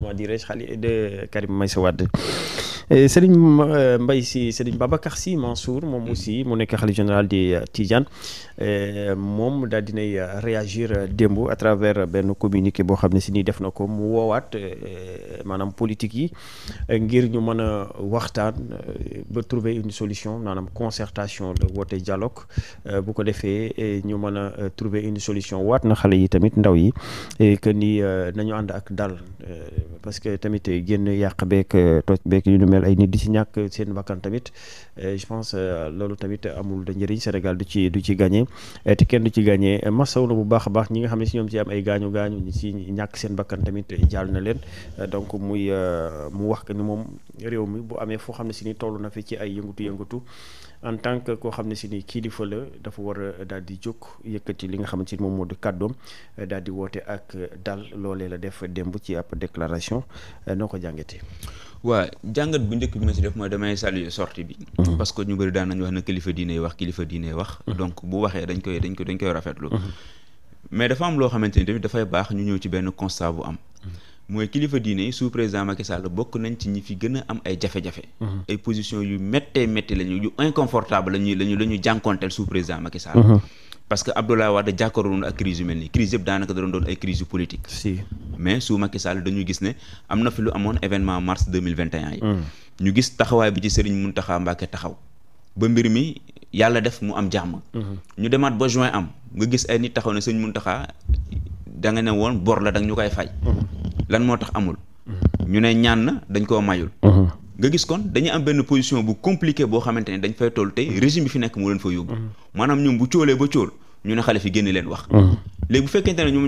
comment dirais-je de Karim Meïssa Wade Serigne euh, mbay si Serigne Babacar Sy Mansour moom mm. aussi mu nekk xalifa général di euh, Tidiane moom dal dinay euh, réagir démb à travers benn communiqué boo xam ne si nii def na ko mu woowaat maanaam politique yi ngir ñu mën a waxtaan ba trouver une solution maanaam concertation la woote dialogue bu ko defee ñu mën a trouver une solution waat na xale yi tamit ndaw yi que ni nañu ànd ak dal parce que tamit génn yàq beeg euh, toj bekk yu ñu mel ay nit di ci ñàkk seen bakkan tamit euh, je pense euh, loolu tamit amul da njëriñ Sénégal du ci du ci gagné te kenn du ci gagné masawu na bu baax a baax ñi nga xam ne si ñoom ci am ay gaañu gaañu ñi ci ñàkk seen bakkan tamit jaal na leen donc muy mu wax que ni moom réew mi bu amee foo xam ne si ni toll na fi ci ay yëngatu-yëngatu en tant que koo xam ne si ni kilifa la dafa war a daal di jóg yëkkati li nga xam ni moom moo di kàddoom daal di woote ak dal loolee la def démb ci ab déclaration situation euh, noo jàngatee. waaw jàngat bu njëkk bi ma si def mooy damay saluer sortie bi. Mhm. parce que ñu bëri daan nañu wax na kilifa diine wax kilifa diine wax. Mhm. donc bu waxee dañ koy dañ koy dañ koy rafetlu. Mhm. mais dafa am loo xamante ni tamit dafay baax ñu ñëw ci benn constat bu am. mooy kilifa diine yi sous président Macky Sall bokk nañ ci ñi fi gën a am ay jafe-jafe. ay position yu méttee métti lañu yu inconfortable lañuy lañu la ñuy jànkonteel sous président Macky Sall. parce que Abdoulaye Wade jàkkaarloo ak crise yu mel nii crise yëpp daanaka da doon doon ay crise yu politique mais su Macky dañu gis ne am na fi lu amoon événement mars 2021 yi hmm. ñu gis taxawaay bi ci Serigne Mountakha Mbacké taxaw ba mbir mi yàlla def mu am jàmm hmm. ñu demaat ba juin am nga gis ay nit taxaw ne Serigne Mountakha da nga ne woon boor la da nga ñu koy fay hmm. lan moo tax amul ñu ne ñaan na dañ koo mayul nga gis kon dañuy am benn position bu compliqué boo xamante ne dañ fay toll tey mm. régime bi fi nekk moo leen fa yóbbu mm. maanaam ñoom bu cóolee ba cóol ñu ne xale fi génn leen wax mm. léegi bu fekkente ne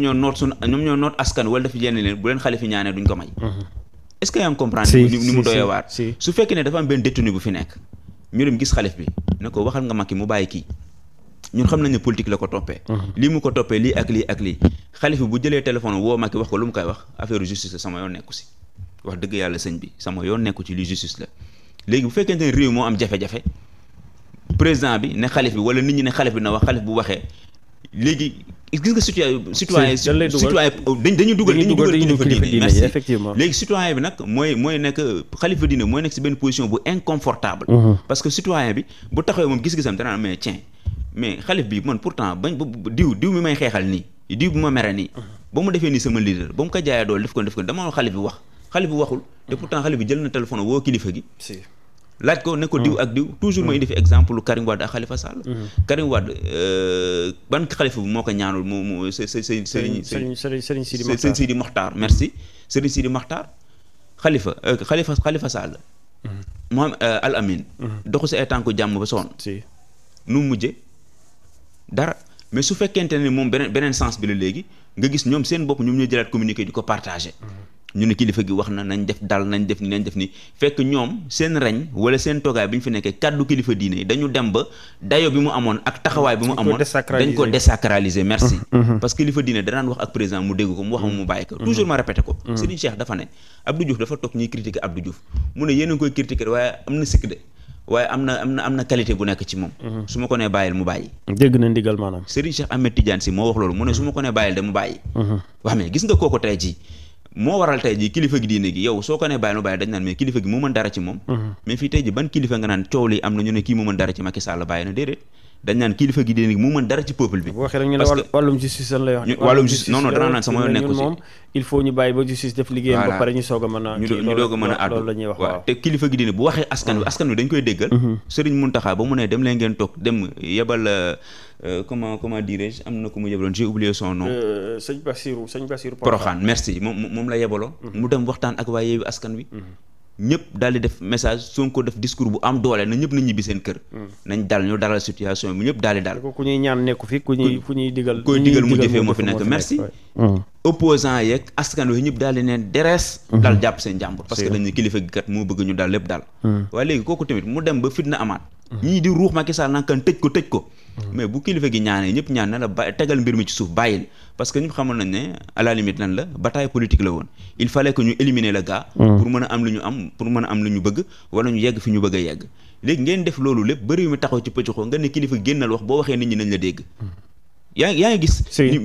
mu doyee waar su fekkee ne dafa am benn détenu bu fi nekk ñu dem gis xalif bi ne ko waxal nga Macky mu bàyyi kii ñun xam nañ ne la ko toppee mm-hmm. lii mu ko toppee lii ak lii ak lii xalif bi bu jëlee téléphone woo Macky wax ko lu mu koy wax affaire justice sama yoon nekku si wax dëgg yàlla sañ bi sama yoon nekku ci li justice la léegi bu fekkente ne réew moo am jafe-jafe président bi ne xalif bi wala nit ñi ne xalif bi na wax xalif bu waxee léegi gis nga citoyen citoyen bi nag mooy mooy nekk xalifa diine mooy mhm. que citoyen bi bu taxawee moom gis xalif bi man pourtant bañ diw diw mi may xeexal nii diw bi ma mere nii mhm. ba mu defee nii sama leader ba mu ko jaayee dool def ko def ko dama xalif bi wax xale bi waxul te pourtant xale bi jël na téléphone woo kilifa gi laaj ko ne hmm. diw ak diw hmm. toujours ma indi fi exemple Karim Wade ak Khalifa Sall hmm. Karim Wade euh, ban xalifa bi moo ko ñaanul mu mu se se se sëriñ sëriñ Sidi Mokhtar merci sëriñ Sidi Mokhtar xalifa euh, xalifa xalifa Sall moom euh, Al Amin nu mujje dara mais su fekkente ne moom beneen beneen sens bi la léegi nga gis ñoom seen bopp ñoom ñoo jëlaat communiqué di ko partagé ñu ne kilifa gi wax na nañ def dal nañ def ni nañ def ni fekk ñoom seen reñ wala seen toogaay bi ñu fi nekkee kàddu kilifa diine yi dañu dem ba dayo bi mu amoon ak taxawaay bi mu amoon dañ ko désacraliser merci mm-hmm, mm-hmm. parce que kilifa diine danaan wax ak président mu dégg ko mu wax mu bàyyi mm-hmm. toujours ma répété ko Serigne Cheikh dafa ne Abdou Diouf dafa toog ñuy critiquer Abdou Diouf mu ne yéen a ngi koy waaye am na sikk de waaye am na am na am na qualité moo waral tey ji kilifa gi diine gi yow soo ko ne bàyyi nu bàyyi dañ naan mais kilifa gi mu dara ci moom mhm. mais fii tey ji ban kilifa nga naan coow li am na ñu ne kii mu mën dara ci Macky Sall bàyyi na déedéet dañ naan kilifa gi dinañ mu mën dara ci peuple bi. parce que wàllum justice lan lay wax. wàllum justice non non danaa naan sama yoon nekkul si. il faut ñu bàyyi ba justice def liggéeyam ba pare ñu soog a mën a. doog a mën a àddu loolu la ñuy wax waaw te kilifa gi dina bu waxee askan wi mm-hmm. askan wi dañ koy déggal. Mm-hmm. Serigne Mountakha ba mu ne dem leen ngeen dem yebal euh, euh, comment comment dirais-je am na ko mu yebaloon j'ai oublié son nom. Euh, sëñ Bassirou sëñ Bassirou Porokhane merci moom moom la yebaloo. Mm-hmm. mu dem waxtaan ak waa Yewwi askan wi ñëpp daal di def message Sonko def discours bu am doole na ñëpp na ñibbi seen kër. Hmm. nañ dal ñu dalal situation bi ñëpp daal di dal. ku ñuy ñaan nekku fi ku ñuy ku ñuy digal. ku ñuy askan wi ñëpp daal di neen derees. Hmm. dal jàpp seen jàmbur. parce que dañuy kilifa gi kat moo bëgg ñu daal lépp daal. Hmm. waaye léegi kooku tamit mu dem ba fitna amaat. ñii di ruux Macky Sall nankan tëj ko tëj ko. mais bu kilifa gi ñaanee ñëpp ñaan na la ba tegal mbir mi ci suuf bàyyil parce que ñëpp xamoon nañ ne à la limite lan la bataille politique la woon il fallait que ñu éliminer le gars. Mm. pour mën a am lu am pour mën a am lu ñu bëgg wala ñu yegg fi ñu bëgg a yegg léegi ngeen def loolu lépp bëri mi taxaw ci pëcc xoo nga ne kilifa génnal wax boo waxee nit ñi nañ la dégg. Mm. yaa yaa ngi gis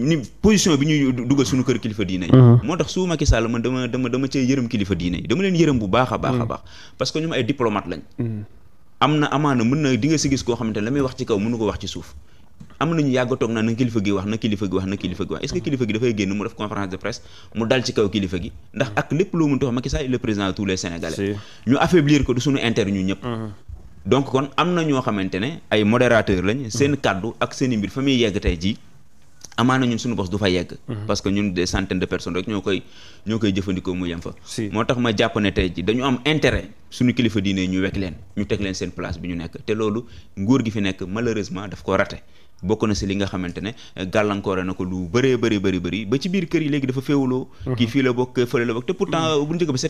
ni, position bi ñuy dugal suñu kër kilifa diine yi mm-hmm. moo mm -hmm. tax su ma Sall man dama dama dama cee yërëm kilifa diine yi dama leen yërëm bu baax a baax a mm. baax que ñoom ay diplomate lañ mm ne la wax ci kaw mënu ko wax suuf am nañu yàgg toog naa na kilifa gi wax na kilifa gi wax na kilifa gi wax est-ce que mm-hmm. kilifa gi dafay génn mu def conférence de presse mu dal ci kaw kilifa gi ndax ak lépp loo mënti wax Macky Sall le président mm-hmm. am na ñoo xamante ne ay modérateur lañ seen mm-hmm. kàddu ak seen i mbir fa muy yegg tey jii amaana ñun suñu bos du fa yegg parce que ñun des centaines de personnes rek ñoo koy ñoo koy jëfandikoo mu moo tax ma jàpp ne tey ji dañu am intérêt suñu kilifa diine ñu wekk leen ñu teg leen seen place bi ñu nekk te loolu nguur gi fi nekk malheureusement daf ko raté bokk na si li nga xamante ne eh, gàllankoore na ko lu bëree bëri bëri ba ci biir kër yi léegi dafa féewuloo mhm. kii fii la bokk fële la bokk te pourtant mhm. bu njëkk ba ci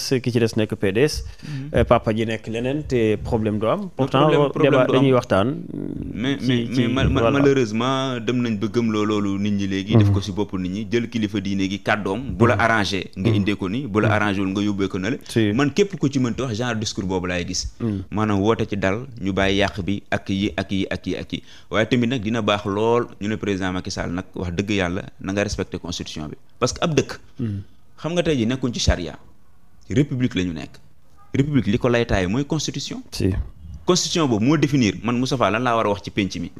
euh, ki ci des nekk PDS mhm. euh, papa ji nekk leneen te problème du am pourtant débat dañuy waxtaan mais dem nañ ba loolu nit ñi léegi def mhm. ko si bopp nit ñi jël kilifa diine gi kàddoom bu la mhm. arrangé nga mhm. indee ko ni bu la arrangé nga yóbbee ko na le man képp ku ci mënti wax genre discours boobu laay gis maanaam woote ci dal ñu bàyyi yàq bi ak yi ak yi ak yi ak yi waaye tamit nag dina baax lool ñu ne président Macky Sall nag wax dëgg yàlla na nga respecté constitution bi parce que ab dëkk xam nga tey ji nekkuñ ci charia république la ñu nekk république li ko laytaay mooy constitution constitution boobu moo définir man Moustapha lan laa war a wax ci pénc mi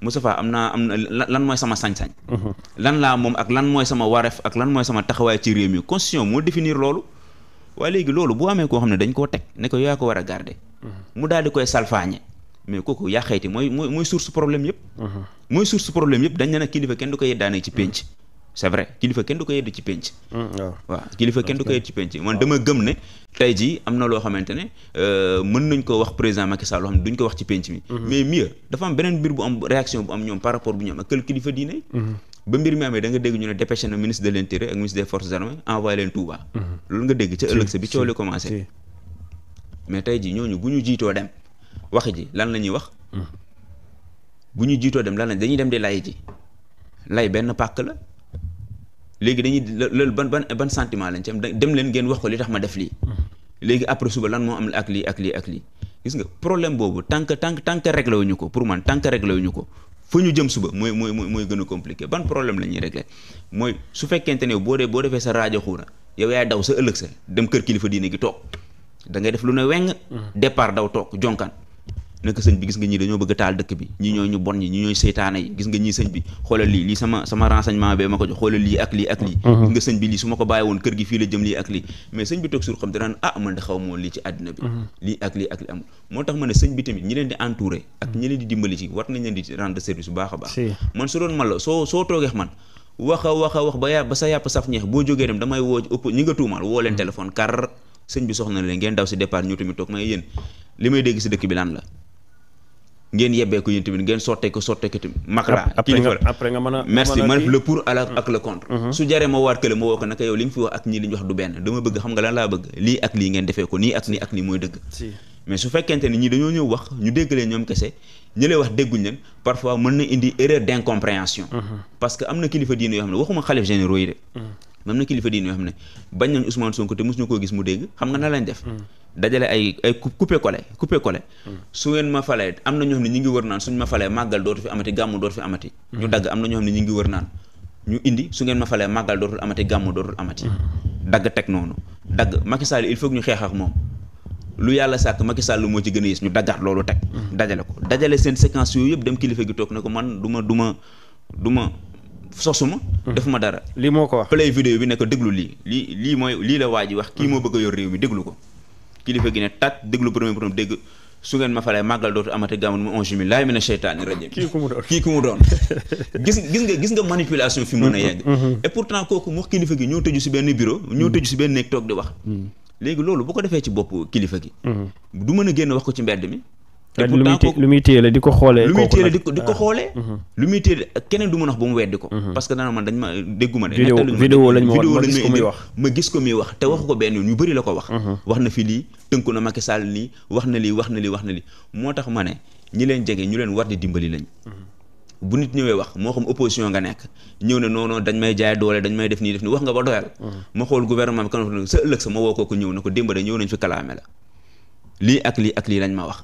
Moustapha am naa am na lan mooy sama sañ-sañ mhm. lan laa moom ak lan mooy sama wareef ak lan mooy sama taxawaay ci réew mi constitution moo définir loolu waaye léegi loolu bu amee koo xam ne dañ koo teg ne ko yaa ko war a garder mhm. mu daal di koy salfaañe mais kooku yaa xayti mooy mooy mooy source problème yëpp mhm. mooy source problème yëpp dañ ne nag kilifa kenn du ko yeddaane ci pénc c' est vrai kilifa kenn du ko yedd ci penc. Mm, waaw kilifa kenn du ko yedd ci penc man dama gëm ne. tey jii am na loo xamante ne euh, mën nañ ko wax président Macky Sall loo xam ne duñ ko wax ci penc mi. Mm-hmm. mais mieux dafa am beneen mbir bu am réaction bu am ñoom par rapport bu ñu am ak kël kilifa diine. Mm-hmm. ba mbir mi amee da dégg ñu ne dépêché na ministre de l' intérieur ak ministre des forces armées envoyé leen Touba. Mm-hmm. loolu nga dégg ca ëllëg sa bi coow li mais tey jii ñooñu bu ñu jiitoo dem waxi ji la ñuy wax. bu ñu jiitoo dem lan la dañuy dem di lay ji lay benn pàkk la. léegi dañuy loolu ban ban ban sentiment lañ ci am dem leen ngeen wax ko li tax ma def lii. léegi après suba lan moo am ak lii ak lii ak lii. gis nga problème boobu tant que tant que tant que réglé ko pour man tant que réglé ñu ko fa ñu jëm suba mooy mooy mooy gën a compliqué ban problème lañuy ñuy mooy su fekkente ne boo dee boo defee sa rajo xuuna yow yaay daw sa ëllëg sa dem kër kilifa diine gi toog da ngay def lu ne weng. Mm. départ daw toog jonkan naka sëñ bi gis nga ñi dañoo bëgg taal dëkk bi ñi ñooy ñu bon ñi ñi ñooy seytaane yi gis nga ñii sëñ bi xoolal lii lii sama sama mhm. sëñ bi lii su ma ko bàyyi woon kër gi fii la jëm ah, mhm. lii ak lii ak lii amul moo tax ma ne sëñ bi tamit ñi leen di entouré ak ñi leen di dimbali ci war nañ leen di rendre service bu baax a baax man su doon man la soo soo toogeex man wax a wax a wax ba sa yàpp saf ñeex boo jógee dem damay woo ëpp ñi nga tuumaal woo leen mhm. téléphone kar sëñ bi soxna leen ngeen daw si départ ñu may dégg si dëkk bi lan la ngeen yebbee ko yéen tamit ngeen sottee ko sottee ko a merci ma def le pour ak le contre mm-hmm. su jaree ma waat kële woo ko naka yow li nga fi wax ak ñii li ñu wax du benn dama bëgg xam nga lan laa bëgg lii ak lii ngeen defee ko nii ak nii ak nii mooy dëgg mais su fekkente ni ñi dañoo ñëw wax ñu dégg leen ñoom kese ñi wax dégguñ parfois mën na indi erreur d'incompréhension mm-hmm. parce que am na kilifa diine yoo xam ne waxuma xalif généraux dajale ay ay coupé collé coupé hmm. su ngeen ma falee am na ñoo xam ne ñu ngi wër naan suñ ma falee màggal dootu fi amati gàmmu dootu fi amati ñu hmm. dagg am na ñoo xam ne ñu ngi naan ñu indi su ngeen ma falee màggal dootul amati gàmmu dootul amati hmm. dagg teg noonu dagg Macky Sall il faut ñu xeex ak moom lu yàlla sàkk Macky Sall moo ci gën a yées ñu daggaat loolu teg dajale ko dajale seen séquence yooyu yëpp dem kilifa gi toog ne ko man du ma du ma du ma sosuma defuma dara lii moo ko wax play vidéo bi ne ko déglu lii lii lii mooy lii la waa ji wax kii moo bëgg a yor réew mi déglu ko kilifa gi ne tat déglu premier borom dégg su ngeen ma falee màggal dootu amati gàmmu mu onge mi laay mi ne seytaani rajim kii ku mu doon kii ku mu doon gis gis nga gis nga manipulation fi mën a yegg mm-hmm, mm-hmm. et pourtant kooku mu kilifa gi ñoo tëju si benn bureau ñoo mm-hmm. tëju si benn néeg toog di wax léegi loolu boo ko defee ci bopp kilifa gi du mën a génn wax ko ci mbedd mi te lu muy téye la di ko xoole lu muy téye ko ko xoolee. Ah. Mhm. lu muy téye keneen du ma wax ba mu weddi ko. Mhm. parce que dana man dañ ma déggu ma de. vidéo lañ ma gis ko muy wax wax te waxu ko benn yoon ñu bëri la ko wax. Mhm. wax na fi lii tënku na ma Sall lii wax na lii wax na lii wax na lii moo tax ma ne ñi leen jege ñu leen war di dimbali lañ. bu nit ñëwee wax moo xam opposition nga nekk ñëw ne non non dañ may jaay doole dañ may def nii def nii wax nga ba doyal. ma xool gouvernement bi kan sa ëllëg sa ma wo ko ñëw na ko démb de ñëw nañ fi kalaame ak lii ak lii lañ ma wax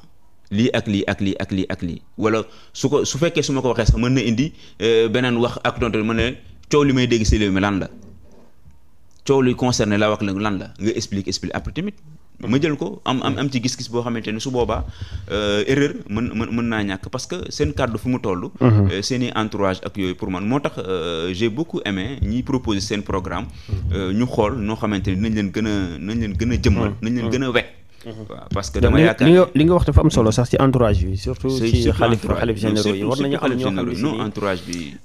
lii ak lii ak lii ak lii ak lii wala su ko su fekkee su ma ko waxee sax mën na indi euh, beneen wax ak tontu mën ne coow li may dégg si réew mi lan la coow li concerné la wax la lan la nga explique explique après tamit ma jël ko am am am ci gis-gis boo xamante ni su boobaa euh, erreur mën mën mën naa ñàkk parce que seen kàddu fu mu toll. Mhm. Euh, seeni i entourage ak yooyu pour man moo tax j'ai beaucoup aimé ñiy proposer seen programme. Mhm. ñu xool noo xamante ne nañ leen gën a nañ leen gën a mhm. nañ leen gën a wekk. waaw mmh. parce que li nga wax dafa am solo sax ci entourage bi surtout ci xalif xalif généraux yi war nañu am ñoo xam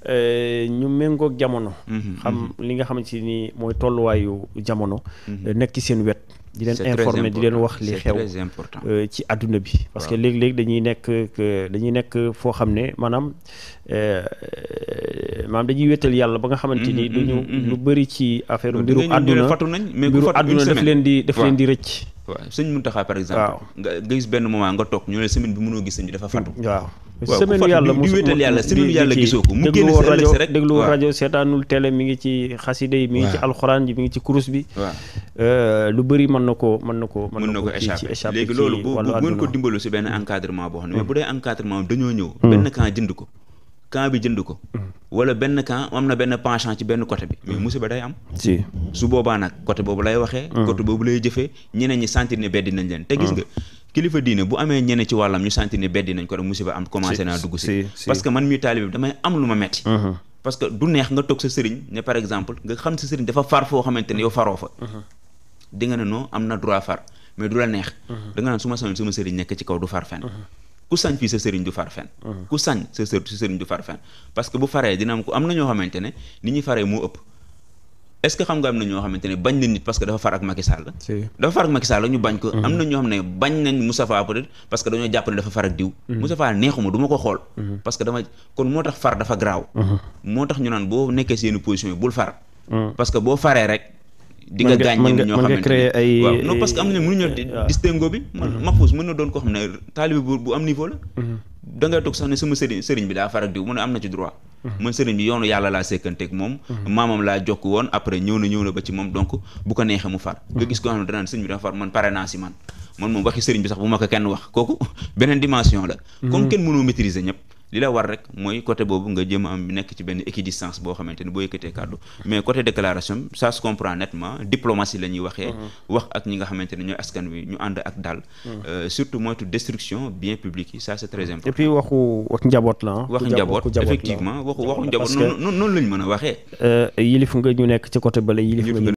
euh, ñu méngoog jamono mmh, mmh, xam li nga xamante ni mooy tolluwaayu jamono euh, nekk ci seen wet di leen informer di leen wax li xew euh, ci àdduna bi parce que léegi léeg dañuy nekk dañuy nekk foo xam ne maanaam maanaam dañuy wétal yàlla ba nga xamante ni duñu lu bëri ci affaire mbiru àdduna mbiru àdduna daf leen di daf leen di rëcc waaw sëñ Mountakha par exemple. waaw nga nga gis benn moment nga toog ñu ne semaine bi mënoo gis sëñ bi dafa fatu. waaw semaine yàlla mu di wéetal gisoo ko. mu génn si ëllëg si rek déglu woon rajo seetaanul télé mi ngi ci xaside yi. mi ngi ci alxuraan ji mi ngi ci kurus bi. waaw euh, lu bari mën na ko mën na koo. mën na ko échappé léegi loolu bu bu ngeen ko dimbalu si benn encadrement boo xam ne. mais hmm. bu dee encadrement dañoo ñëw. Hmm. benn camp jënd ko. camp bi jënd ko. Mm. wala benn camp am na benn penchant ci benn côté bi. mais mm. musiba day am. si su boobaa nag côté boobu lay waxee. Mm. côté boobu lay jëfee ñeneen ñi sentir ne beddi nañ leen. te gis nga kilifa diine bu amee ñene ci wàllam ñu sentir ne beddi nañ ko rek musiba am commencé naa dugg si. parce que man mii taalibe bi damay am lu ma metti mm-hmm. parce que du neex nga toog sa sëriñ ne par exemple nga xam sa sëriñ dafa far foo xamante ne yow faroo fa. Mm-hmm. di ku sañ fii sa sëriñ du far fen uh-huh. ku sañ sa sa sëriñ du far fen parce bu faree dina am ko am na ñoo xamante ne ni ñuy faree moo ëpp est xam nga uh-huh. am na ñoo xam ne bañ nañ Moustapha peut-être parce dañoo jàpp ne dafa far ak diw uh-huh. Moustapha neexuma du ko xool parce dama kon moo tax far dafa garaaw moo tax ñu naan boo nekkee si position yi bul far parce boo faree rek di nga gaañ ñenn ñoo xamante ne waaw non parce que am na mënuñu ah. distingo bi Mahfouz mm-hmm. mën na doon koo xam ne taalibe bu am niveau la mm-hmm. da ngay toog sax ne sama sëriñ sëriñ bi daa farak diw mu ne am na ci droit mm-hmm. man sëriñ bi yoonu yàlla laa sekkanteeg moom maamam laa jokk woon bu ko neexee mu far nga gis ko xam ne danaan sëriñ bi dafa far man pare naa si man man moom waxi sëriñ bi sax bu ma ko kenn wax kooku beneen dimension la comme kenn mënoo maîtriser ñëpp li la war rek mooy côté boobu nga jéem am nekk ci benn équidistance boo xamante ni boo yëkkatee kàddu mm-hmm. mais côté déclaration ça comprend nettement diplomatie la waxee mm-hmm. wax ak ñi nga xamante ne ñooy askan wi ñu ànd ak daal mm-hmm. euh, surtout moytu destruction bien public yi ça c'est très waxu njaboot la ah. wax njaboot effectivement waxu waxu njaboot noonu noonu lañ mën a waxee euh, yilif nga ñu nekk ci côté bële yilif nga